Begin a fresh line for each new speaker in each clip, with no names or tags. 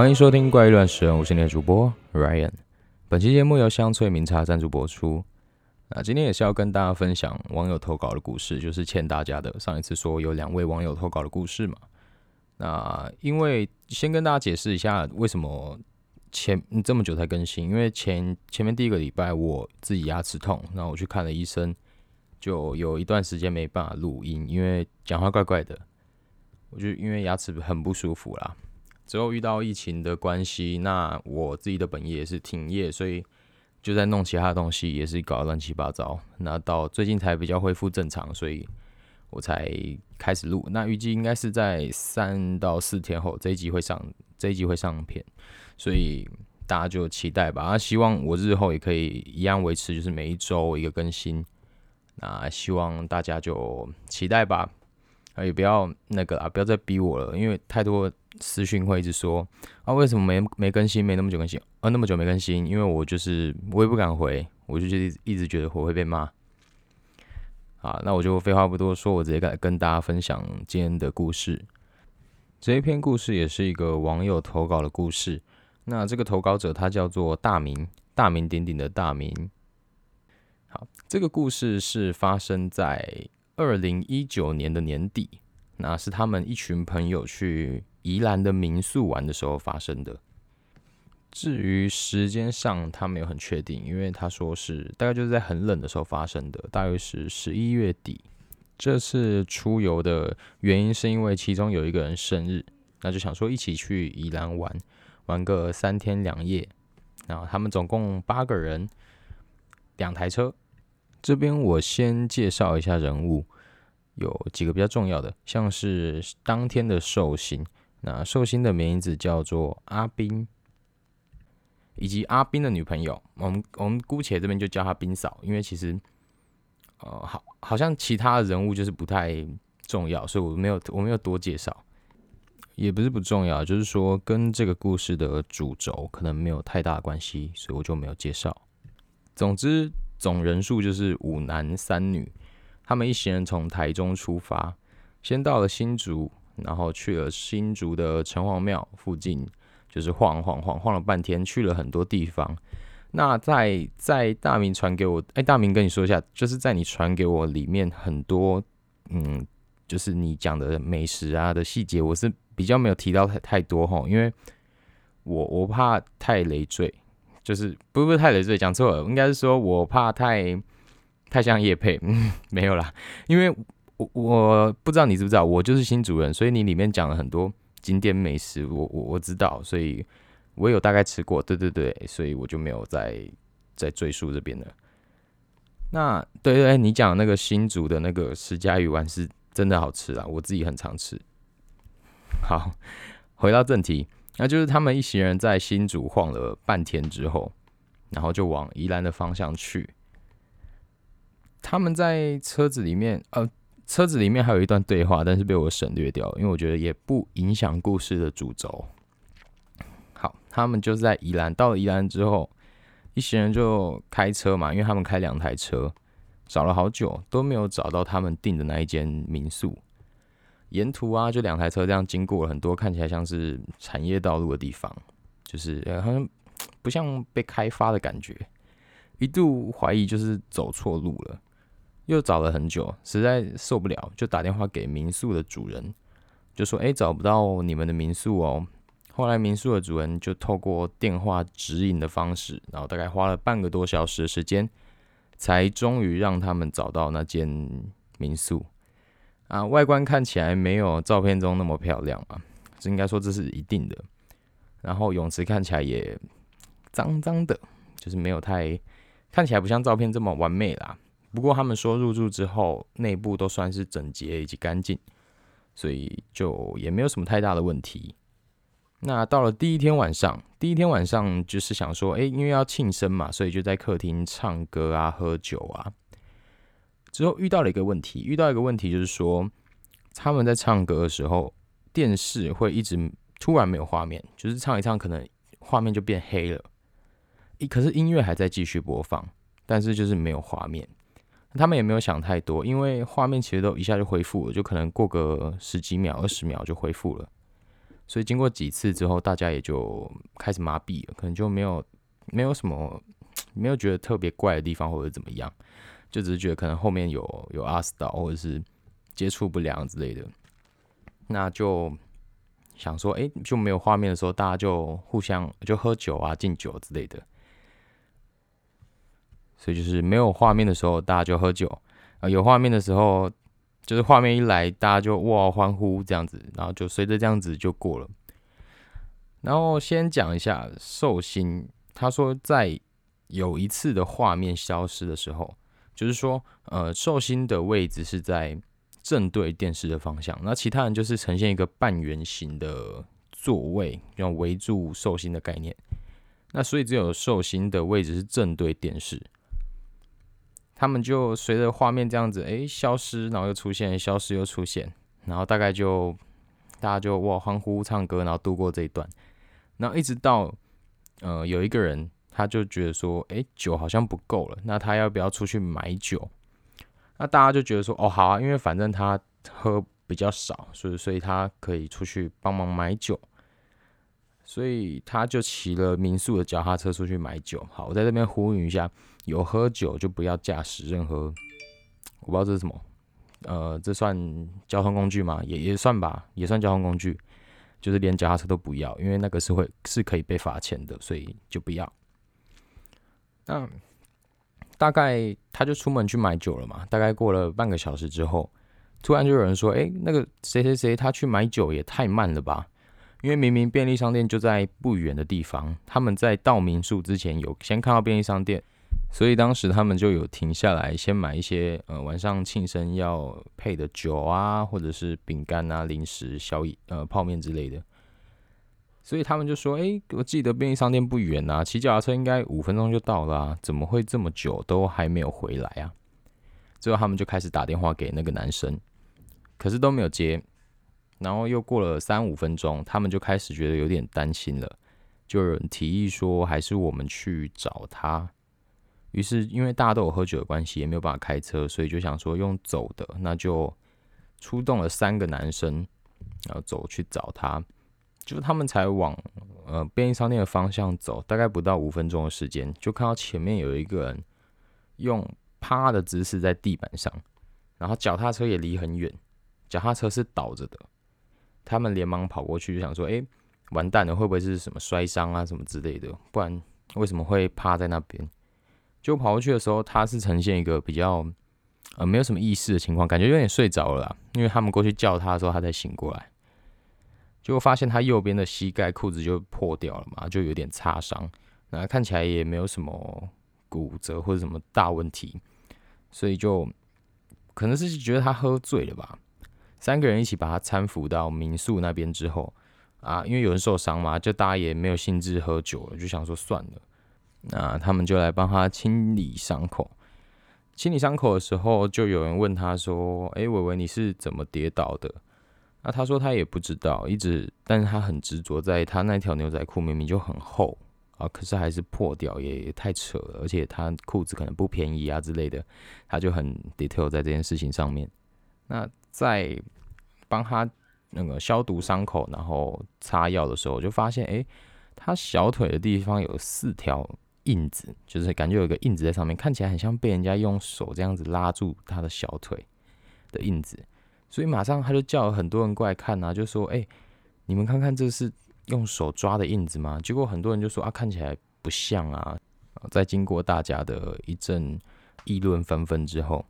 歡迎收聽《怪異亂史》，我是無線電主播 Ryan。本期節目由香脆名茶贊助播出。那今天也是要跟大家分享網友投稿的故事，就是欠大家的。上一次說有兩位網友投稿的故事嘛？那因為先跟大家解釋一下，為什麼前這麼久才更新？因為前前面第一個禮拜我自己牙齒痛，然後我去看了醫生，就有一段時間沒辦法錄音，因為講話怪怪的。我就因為牙齒很不舒服啦。之後遇到疫情的關係，那我自己的本業也是停業，所以就在弄其他東西，也是搞亂七八糟。那到最近才比較恢復正常，所以我才開始錄。那預計應該是在三到四天後，這一集會上，這一集會上片，所以大家就期待吧。啊，希望我日後也可以一樣維持，就是每一周一個更新。那希望大家就期待吧。啊，也不要那個啊，不要再逼我了，因為太多私訊會一直說啊，為什麼沒沒更新，沒那麼久更新，呃、啊，那麼久沒更新，因為我就是我也不敢回，我就覺得一直覺得我會被罵。好，那我就廢話不多說，我直接跟跟大家分享今天的故事。這一篇故事也是一個網友投稿的故事，那這個投稿者他叫做大名，大名鼎鼎的大名。好，這個故事是發生在，二零一九年的年底，那是他們一群朋友去宜蘭的民宿玩的時候發生的。至於時間上，他沒有很確定，因為他說是大概就是在很冷的時候發生的，大約是十一月底。這次出遊的原因是因為其中有一個人生日，那就想說一起去宜蘭玩，玩個三天兩夜。然後他們總共八個人，兩台車。這邊我先介紹一下人物，有幾個比較重要的，像是當天的壽星，那壽星的名字叫做阿斌，以及阿斌的女朋友，我們，我們姑且這邊就叫她斌嫂。因為其實，呃，好，好像其他的人物就是不太重要，所以我沒有，我沒有多介紹，也不是不重要，就是說跟這個故事的主軸可能沒有太的大關係，所以我就沒有介紹。總之。總人數就是五男三女，他們一行人從台中出發，先到了新竹，然後去了新竹的城隍廟附近，就是晃晃晃，晃了半天，去了很多地方。那在在大名傳給我，哎、欸，大名跟你說一下，就是在你傳給我裡面很多，嗯，就是你講的美食啊的細節，我是比較沒有提到太太多哈，因為我我怕太累贅。就是不是不太累贅，講錯了，應該是說我怕太太像業配，嗯，沒有啦，因為我我不知道你知不知道，我就是新竹人，所以你裡面講了很多景點美食，我我我知道，所以我有大概吃過。對對對，所以我就沒有再再贅述這邊了。那對，對對，你講那個新竹的那個石家魚丸是真的好吃啦，我自己很常吃。好，回到正題。那就是他們一行人在新竹晃了半天之後，然後就往宜蘭的方向去。他們在車子裡面，呃，車子裡面還有一段對話，但是被我省略掉了，因為我覺得也不影響故事的主軸。好，他們就是在宜蘭，到了宜蘭之後，一行人就開車嘛，因為他們開兩台車，找了好久都沒有找到他們訂的那一間民宿。沿途啊，就兩台車這樣經過了很多看起來像是產業道路的地方，就是好像不像被開發的感覺。一度懷疑就是走錯路了，又找了很久，實在受不了，就打電話給民宿的主人，就說：“哎，找不到你們的民宿哦。”後來民宿的主人就透過電話指引的方式，然後大概花了半個多小時的時間，才終於讓他們找到那間民宿。啊，外觀看起來沒有照片中那麼漂亮啊，這應該說這是一定的。然後泳池看起來也髒髒的，就是沒有太看起來不像照片這麼完美啦。不過他們說入住之後內部都算是整潔以及乾淨，所以就也沒有什麼太大的問題。那到了第一天晚上，第一天晚上就是想說，誒，因為要慶生嘛，所以就在客廳唱歌啊，喝酒啊。之後遇到了一個問題，遇到一個問題就是說，他們在唱歌的時候，電視會一直突然沒有畫面，就是唱一唱，可能畫面就變黑了，一可是音樂還在繼續播放，但是就是沒有畫面。他們也沒有想太多，因為畫面其實都一下就恢復了，就可能過個十幾秒、二十秒就恢復了。所以經過幾次之後，大家也就開始麻痹了，可能就沒有沒有什麼沒有覺得特別怪的地方或者怎麼樣。就只是覺得可能後面有有阿斯到或者是接觸不良之類的，那就想說，哎、欸，就沒有畫面的時候，大家就互相就喝酒啊，敬酒之類的。所以就是沒有畫面的時候，大家就喝酒啊，有畫面的時候，就是畫面一來，大家就哇歡呼這樣子，然後就隨着這樣子就過了。然後先講一下壽星，他說在有一次的畫面消失的時候。就是說，呃，壽星的位置是在正對電視的方向，那其他人就是呈現一個半圓形的座位，要圍住壽星的概念。那所以只有壽星的位置是正對電視，他們就隨着畫面這樣子，哎，消失，然後又出現，消失又出現，然後大概就大家就哇歡呼呼唱歌，然後度過這一段。然後一直到，呃，有一個人。他就覺得說：“哎、欸，酒好像不夠了，那他要不要出去買酒？”那大家就覺得說：“哦，好啊，因為反正他喝比較少，所以所以他可以出去幫忙買酒。”所以他就騎了民宿的腳踏車出去買酒。好，我在這邊呼籲一下：有喝酒就不要駕駛任何……我不知道這是什麼。呃，這算交通工具嗎？也也算吧，也算交通工具。就是連腳踏車都不要，因為那個是會是可以被罰錢的，所以就不要。那、嗯、大概他就出門去買酒了嘛？大概過了半個小時之後，突然就有人說：“誒、欸，那個誰誰誰，他去買酒也太慢了吧？因為明明便利商店就在不遠的地方，他們在到民宿之前有先看到便利商店，所以當時他們就有停下來先買一些呃晚上慶生要配的酒啊，或者是餅乾啊、零食、宵夜呃泡麵之類的。”所以他們就說：“誒、欸，我記得便利商店不遠啊，騎腳踏車應該五分鐘就到了、啊，怎麼會這麼久都還沒有回來啊？”最後他們就開始打電話給那個男生，可是都沒有接。然後又過了三五分鐘，他們就開始覺得有點擔心了，就有人提議說：“還是我們去找他。”於是因為大家都有喝酒的關係，也沒有辦法開車，所以就想說用走的，那就出動了三個男生，然後走去找他。就他們才往呃便利商店的方向走，大概不到五分鐘的時間，就看到前面有一個人用趴的姿勢在地板上，然後腳踏車也離很遠，腳踏車是倒着的。他們連忙跑過去，就想說：“哎、欸，完蛋了，會不會是什麼摔傷啊什麼之類的？不然為什麼會趴在那邊？”就跑過去的時候，他是呈現一個比較呃沒有什麼意識的情況，感覺有點睡着了。因為他們過去叫他的時候，他才醒過來。就發現他右邊的膝蓋褲子就破掉了嘛，就有點擦傷，然後看起來也沒有什麼骨折或者什麼大問題，所以就可能是覺得他喝醉了吧。三個人一起把他攙扶到民宿那邊之後，啊，因為有人受傷嘛，就大家也沒有興致喝酒了，就想說算了。那他們就來幫他清理傷口。清理傷口的時候，就有人問他說：“哎、欸，偉偉，你是怎麼跌倒的？”那、啊、他說他也不知道，一直。但是他很執着在他那條牛仔褲明明就很厚啊，可是還是破掉，也也太扯了，而且他褲子可能不便宜啊之類的，他就很 detail 在這件事情上面。那在幫他那個消毒傷口，然後擦藥的時候，我就發現，誒、欸，他小腿的地方有四條印子，就是感覺有一個印子在上面，看起來很像被人家用手這樣子拉住他的小腿的印子。所以馬上他就叫了很多人過來看吶、啊，就說：“哎、欸，你們看看這是用手抓的印子嗎？”結果很多人就說：“啊，看起來不像啊。”在經過大家的一陣議論紛紛之後，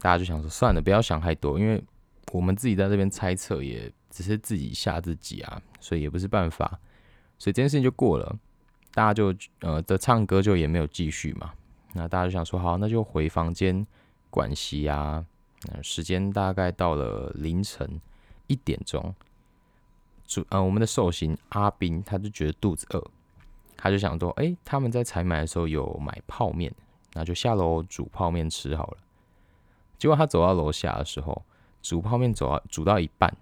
大家就想說：“算了，不要想太多，因為我們自己在這邊猜測也只是自己嚇自己啊，所以也不是辦法。”所以這件事情就過了，大家就呃的唱歌就也沒有繼續嘛。那大家就想說：“好，那就回房間管席啊。”時間大概到了凌晨一點鐘，主呃，我們的壽星阿斌他就覺得肚子餓，他就想說：“哎、欸，他們在採買的時候有買泡麵，那就下樓煮泡麵吃好了。”結果他走到樓下的時候，煮泡麵煮到煮到一半，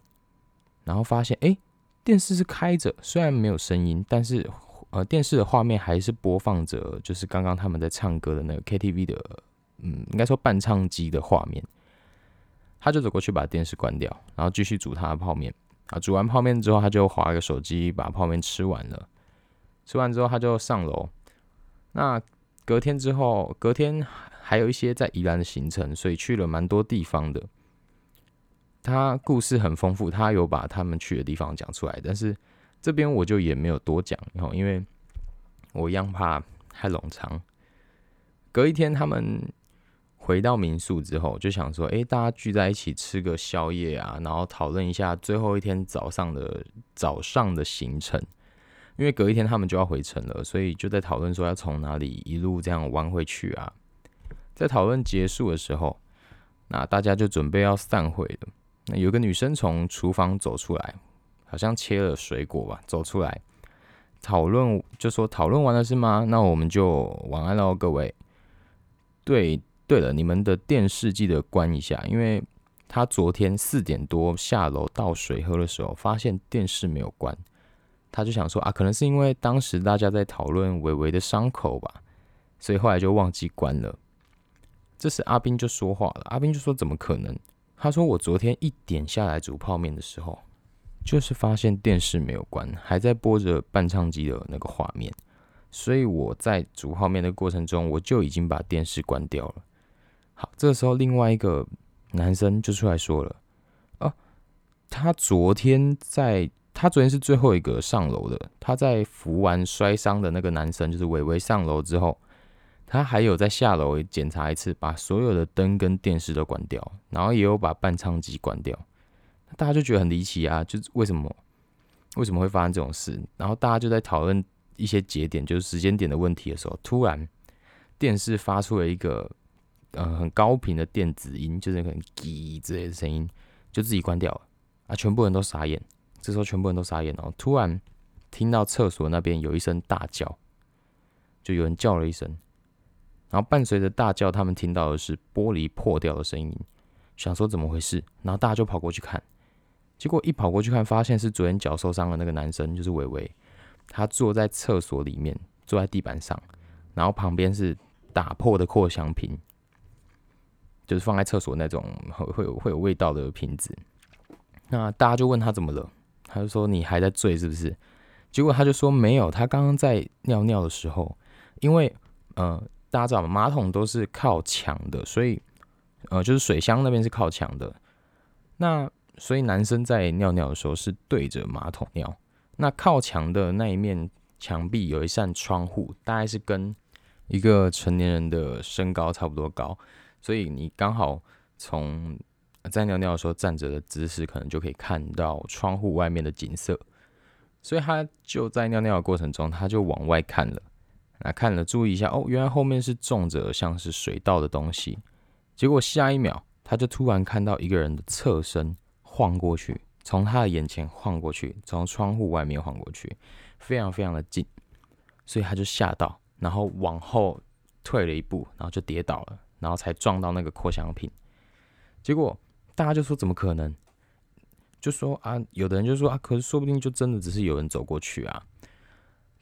然後發現哎、欸，電視是開着，雖然沒有聲音，但是呃電視的畫面還是播放着，就是剛剛他們在唱歌的那個 KTV 的，嗯，應該說伴唱機的畫面。他就走過去把電視關掉，然後繼續煮他的泡面啊。煮完泡面之後，他就滑個手機，把泡面吃完了。吃完之後，他就上樓。那隔天之後，隔天還有一些在宜蘭的行程，所以去了蠻多地方的。他故事很豐富，他有把他們去的地方講出來，但是這邊我就也沒有多講，然後因為我一樣怕太冗長。隔一天他們，回到民宿之後，就想說：“誒、欸，大家聚在一起吃個宵夜啊，然後討論一下最後一天早上的早上的行程，因為隔一天他們就要回城了，所以就在討論說要從哪裡一路這樣彎回去啊。”在討論結束的時候，那大家就準備要散會的。那有個女生從廚房走出來，好像切了水果吧，走出來討論就說：“討論完了是嗎？那我們就晚安嘍，各位。”對。對了，你們的電視記得關一下，因為他昨天四點多下樓倒水喝的時候，發現電視沒有關，他就想說啊，可能是因為當時大家在討論偉偉的傷口吧，所以後來就忘記關了。這時阿斌就說話了，阿斌就說怎麼可能？他說我昨天一點下來煮泡麵的時候，就是發現電視沒有關，還在播着伴唱機的那個畫面，所以我在煮泡麵的過程中，我就已經把電視關掉了。這個時候，另外一個男生就出來說了：“啊，他昨天在，他昨天是最後一個上樓的。他在扶完摔傷的那個男生，就是偉偉上樓之後，他還有在下樓檢查一次，把所有的燈跟電視都關掉，然後也有把伴唱機關掉。大家就覺得很離奇啊，就是為什麼為什麼會發生這種事？然後大家就在討論一些節點，就是時間點的問題的時候，突然電視發出了一個。”嗯、呃，很高頻的電子音，就是很能嘰之類的聲音，就自己關掉了啊！全部人都傻眼。這時候全部人都傻眼哦，然後突然聽到廁所那邊有一聲大叫，就有人叫了一聲，然後伴隨着大叫，他們聽到的是玻璃破掉的聲音。想說怎麼回事，然後大家就跑過去看，結果一跑過去看，發現是昨天腳受傷的那個男生，就是偉偉，他坐在廁所裡面，坐在地板上，然後旁邊是打破的擴香瓶。就是放在廁所那種會會有會有味道的瓶子，那大家就問他怎麼了，他就說你還在醉是不是？結果他就說沒有，他剛剛在尿尿的時候，因為呃大家知道嘛，馬桶都是靠牆的，所以呃就是水箱那邊是靠牆的，那所以男生在尿尿的時候是對着馬桶尿，那靠牆的那一面牆壁有一扇窗戶，大概是跟一個成年人的身高差不多高。所以你剛好從在尿尿的時候站着的姿勢，可能就可以看到窗戶外面的景色。所以他就在尿尿的過程中，他就往外看了。來看了，注意一下哦，原來後面是種着像是水稻的東西。結果下一秒，他就突然看到一個人的側身晃過去，從他的眼前晃過去，從窗戶外面晃過去，非常非常的近。所以他就嚇到，然後往後退了一步，然後就跌倒了。然後才撞到那個擴香瓶。結果大家就說怎麼可能？就說啊，有的人就說啊，可是說不定就真的只是有人走過去啊。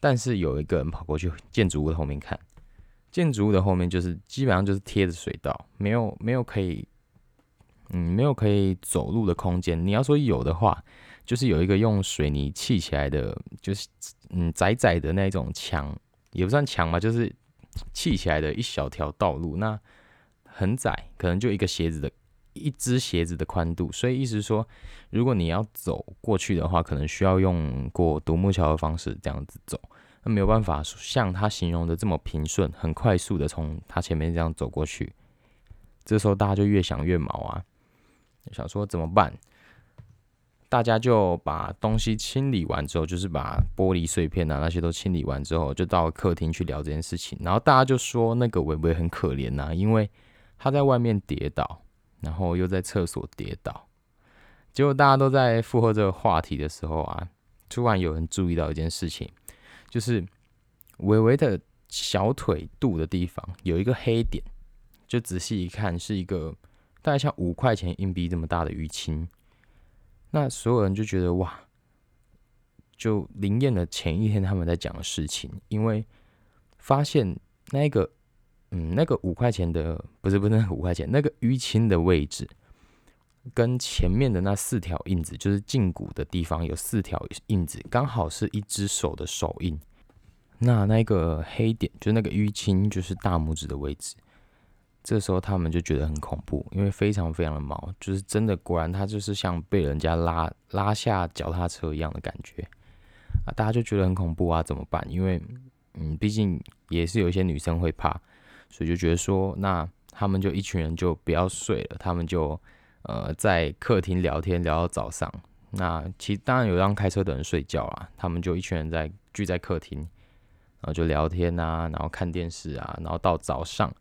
但是有一個人跑過去建築物的後面看，建築物的後面就是基本上就是貼着水道，沒有沒有可以，嗯，沒有可以走路的空間。你要說有的話，就是有一個用水泥砌起來的，就是嗯窄窄的那種牆，也不算牆吧，就是砌起來的一小條道路那。很窄，可能就一個鞋子的，一只鞋子的寬度，所以意思說，如果你要走過去的話，可能需要用過獨木橋的方式這樣子走，那沒有辦法像他形容的這麼平順，很快速的從他前面這樣走過去。這時候大家就越想越毛啊，想說怎麼辦？大家就把東西清理完之後，就是把玻璃碎片啊那些都清理完之後，就到客廳去聊這件事情。然後大家就說那個維維很可憐吶、啊，因為。他在外面跌倒，然後又在廁所跌倒，結果大家都在附和這個話題的時候啊，突然有人注意到一件事情，就是偉偉的小腿肚的地方有一個黑點，就仔細一看是一個大概像五塊錢硬幣這麼大的淤青，那所有人就覺得哇，就靈驗了前一天他們在講的事情，因為發現那個。嗯，那個五塊錢的不是不是那五塊錢，那個淤青的位置跟前面的那四條印子，就是脛骨的地方有四條印子，剛好是一只手的手印。那那個黑點，就那個淤青，就是大拇指的位置。這時候他們就覺得很恐怖，因為非常非常的毛，就是真的果然他就是像被人家拉拉下腳踏車一樣的感覺啊！大家就覺得很恐怖啊，怎麼辦？因為嗯，畢竟也是有一些女生會怕。所以就覺得說，那他們就一群人就不要睡了，他們就呃在客廳聊天聊到早上。那其當然有讓開車的人睡覺啊，他們就一群人在聚在客廳，然後就聊天啊，然後看電視啊，然後到早上。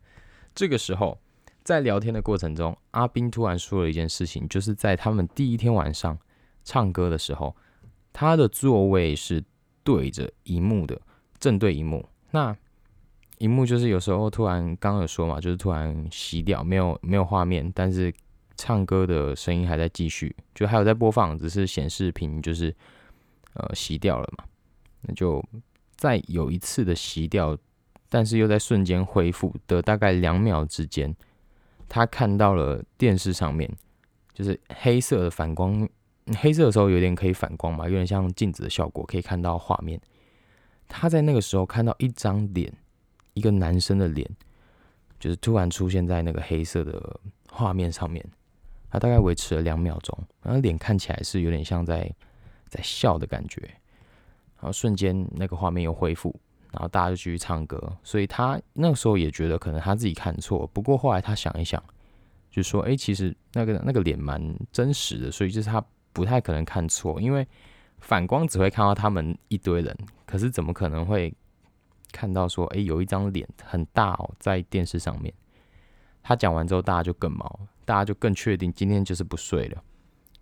這個時候在聊天的過程中，阿斌突然說了一件事情，就是在他們第一天晚上唱歌的時候，他的座位是對着熒幕的，正對熒幕。那熒幕就是有時候突然。剛剛有說嘛，就是突然熄掉，沒有沒有畫面，但是唱歌的聲音還在繼續，就還有在播放，只是顯示屏就是呃熄掉了嘛。那就再有一次的熄掉，但是又在瞬間恢復的大概兩秒之間，他看到了電視上面就是黑色的反光，黑色的時候有點可以反光嘛，有點像鏡子的效果，可以看到畫面。他在那個時候看到一張臉。一個男生的臉，就是突然出現在那個黑色的畫面上面，他大概維持了兩秒鐘，然後臉看起來是有點像在在笑的感覺，然後瞬間那個畫面又恢復，然後大家就繼續唱歌，所以他那個時候也覺得可能他自己看錯，不過後來他想一想，就說：“哎、欸，其實那個那個臉蠻真實的，所以就是他不太可能看錯，因為反光只會看到他們一堆人，可是怎麼可能會？”看到說，誒、欸，有一張臉很大哦，在電視上面。他講完之後，大家就更毛，大家就更確定今天就是不睡了。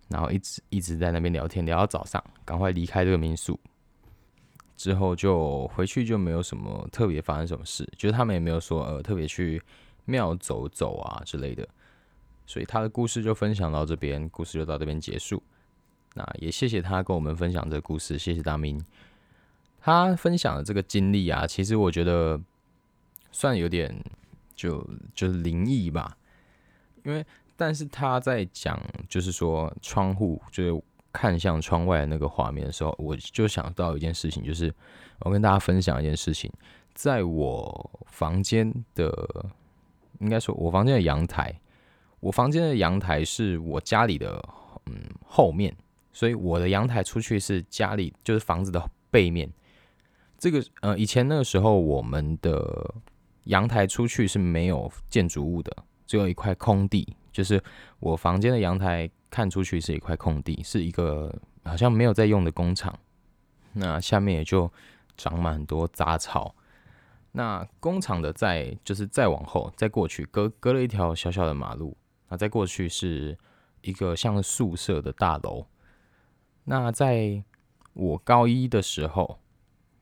然後一直一直在那邊聊天，聊到早上，趕快離開這個民宿。之後就回去，就沒有什麼特別發生什麼事，就是他們也沒有說呃特別去廟走走啊之類的。所以他的故事就分享到這邊，故事就到這邊結束。那也謝謝他跟我們分享這個故事，謝謝大名。他分享的這個經歷啊，其實我覺得算有點就就是靈異吧，因為但是他在講就是說窗戶，就是看向窗外的那個畫面的時候，我就想到一件事情，就是我跟大家分享一件事情，在我房間的應該說我房間的陽台，我房間的陽台是我家裡的嗯後面，所以我的陽台出去是家裡就是房子的背面。這個呃，以前那個時候，我們的陽台出去是沒有建築物的，只有一塊空地。就是我房間的陽台看出去是一塊空地，是一個好像沒有在用的工廠。那下面也就長滿很多雜草。那工廠的再就是再往後再過去隔，隔隔了一條小小的馬路。那再過去是一個像宿舍的大樓。那在我高一的時候。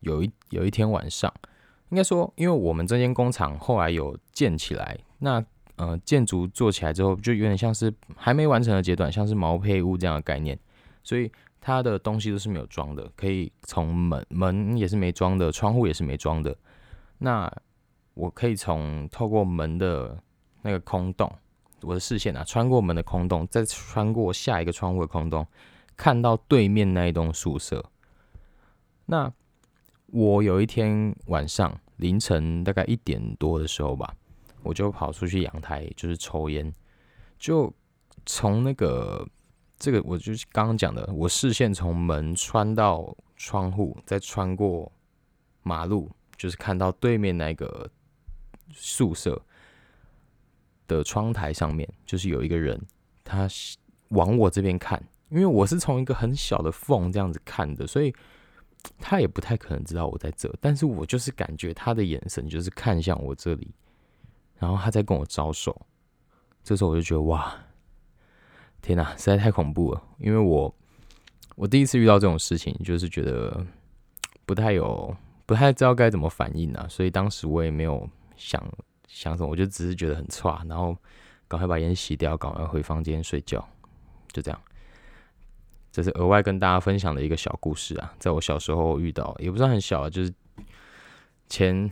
有一有一天晚上，應該說，因為我們這間工廠後來有建起來，那呃建築做起來之後，就有點像是還沒完成的階段，像是毛坯屋這樣的概念，所以它的東西都是沒有裝的，可以從門門也是沒裝的，窗戶也是沒裝的。那我可以從透過門的那個空洞，我的視線啊，穿過門的空洞，再穿過下一個窗戶的空洞，看到對面那一棟宿舍。那。我有一天晚上凌晨大概一點多的時候吧，我就跑出去陽台，就是抽煙。就從那個這個，我就是剛剛講的，我視線從門穿到窗戶，再穿過馬路，就是看到對面那個宿舍的窗台上面，就是有一個人，他往我這邊看，因為我是從一個很小的縫這樣子看的，所以。他也不太可能知道我在這，但是我就是感覺他的眼神就是看向我這裡，然後他在跟我招手。這時候我就覺得哇！天哪！實在太恐怖了！因為我我第一次遇到這種事情，就是覺得不太有，不太知道該怎麼反應啊，所以當時我也沒有想想什麼，我就只是覺得很差，然後趕快把煙熄掉，趕快回房間睡覺，就這樣。這是額外跟大家分享的一個小故事啊，在我小時候遇到，也不是很小啊，就是前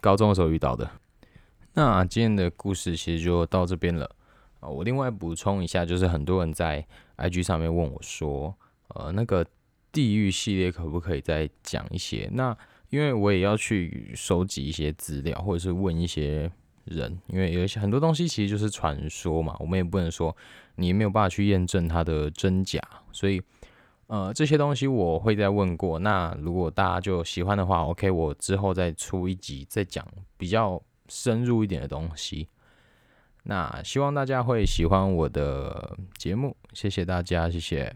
高中的時候遇到的。那今天的故事其實就到這邊了啊。我另外補充一下，就是很多人在 IG 上面問我說，呃，那個地獄系列可不可以再講一些？那因為我也要去收集一些資料，或者是問一些。人，因為有一些很多東西其實就是傳說嘛，我們也不能說你沒有辦法去驗證它的真假，所以，呃，這些東西我會再問過。那如果大家就喜歡的話，OK，我之後再出一集再講比較深入一點的東西。那希望大家會喜歡我的節目，謝謝大家，謝謝。